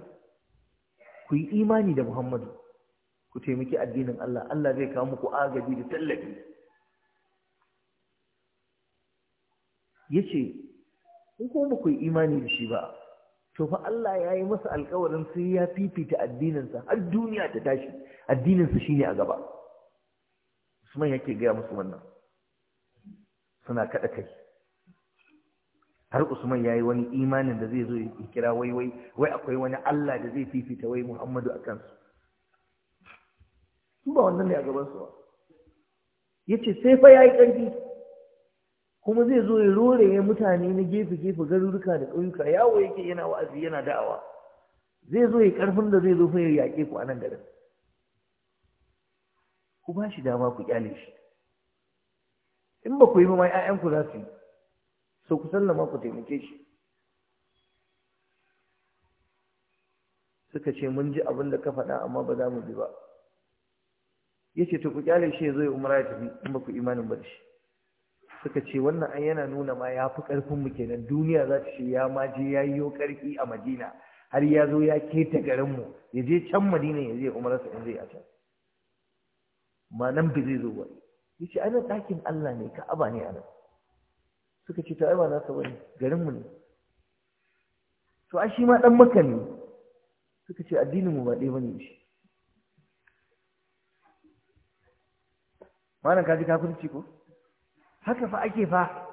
ku yi imani da muhammadu ku taimaki addinin Allah Allah zai kawo muku agaji da tallafi yace in ko ba ku yi imani da shi ba to fa Allah ya yi masa alkawarin sai ya fifita addininsa har duniya ta tashi addininsa shine a gaba usman yake gaya musu wannan suna kaɗa kai har usman ya yi wani imanin da zai zo ya kira wai wai wai akwai wani allah da zai fifita wai muhammadu a kansu su ba wannan ne a gabansu ba ya ce sai fa ya yi ƙarfi kuma zai zo ya roraye mutane na gefe-gefe garuruka da ƙauyuka yawo yake yana wa'azi yana da'awa zai zo ya ƙarfin da zai zo fa ya yaƙe ku a nan garin ku ba shi dama ku kyale shi in ba ku yi ma ku za su yi so ku sallama ku taimake shi suka ce mun ji abin da ka faɗa amma ba za mu bi ba ce to ku kyale shi zai ya umara ya tafi in ba ku imanin ba shi suka ce wannan an yana nuna ma ya fi ƙarfin mu kenan duniya za ta ce ya ma je ya yi ƙarfi a madina har ya zo ya keta garinmu ya je can madina ya je umarsa in zai a can ma nan bi zai zo ba ya ce ana ɗakin Allah ne ka Aba ne ana suka ce ta na nasa bane garinmu ne to a shi ma ɗan maka ne suka ce addinin mu ba ɗaya bane shi malam kaji kafirci ko haka fa ake fa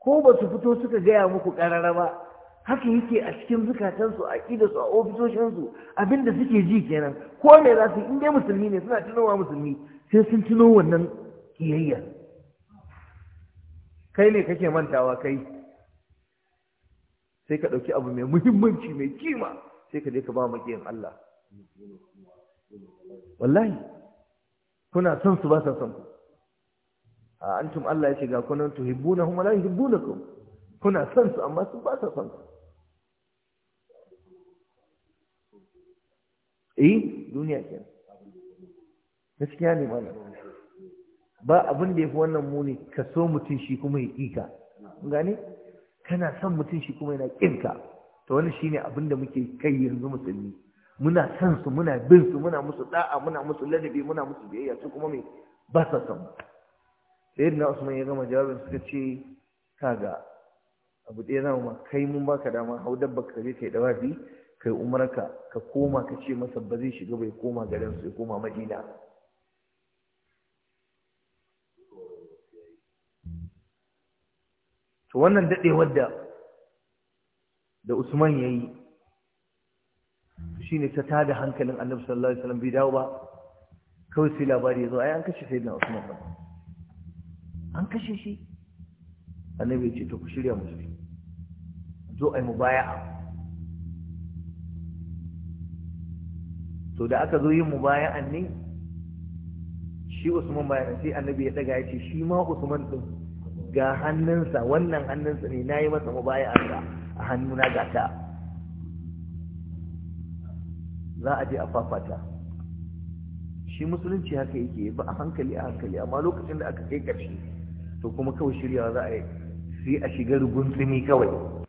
ko ba su fito suka gaya muku ƙarara ba haka yake a cikin zukatansu a ƙidarsu a ofisoshinsu abinda suke ji kenan ko me za su in dai musulmi ne suna tunowa musulmi sai sun tuno wannan kiyayya kai ne kake mantawa kai sai ka ɗauki abu mai muhimmanci mai kima sai ka je ka ba makiyin Allah wallahi kuna son su ba sa son ku a antum Allah ya shiga ga kunan tuhibbunahum wala yuhibbunakum kuna son su amma su ba sa son ku eh duniya ke gaskiya ne ba ba abin da ya fi wannan muni ka so mutum shi kuma ya ƙika gane kana son mutum shi kuma yana ƙinka ta wani shi ne abin da muke kai yanzu musulmi muna son su muna bin su muna musu da'a muna musu ladabi muna musu biyayya su kuma mai ba sa son sai na usman ya gama jawabin suka ce kaga abu ɗaya zama kai mun baka dama hau dabba ka je kai dawafi kai umarka ka koma ka ce masa ba zai shiga bai koma garin su ya koma madina to wannan dadewar da da Usman yayi shine ta tada hankalin Annabi sallallahu alaihi wasallam bai dawo ba kawai sai labari yazo ai an kashe sayyidina Usman ba an kashe shi Annabi ya ce to ku shirya musu zo ai mubaya'a to da aka zo yin mubaya'an ne shi usman bayan sai annabi ya daga yace shi ma usman din ga hannunsa wannan hannunsa ne nayi masa mubaya'arsa a hannuna ga ta za a je a fafata shi musulunci haka yake ba a hankali a hankali amma lokacin da aka kai ƙarshe to kuma kawai shiryawa za a yi sai a shiga rugun tsimi kawai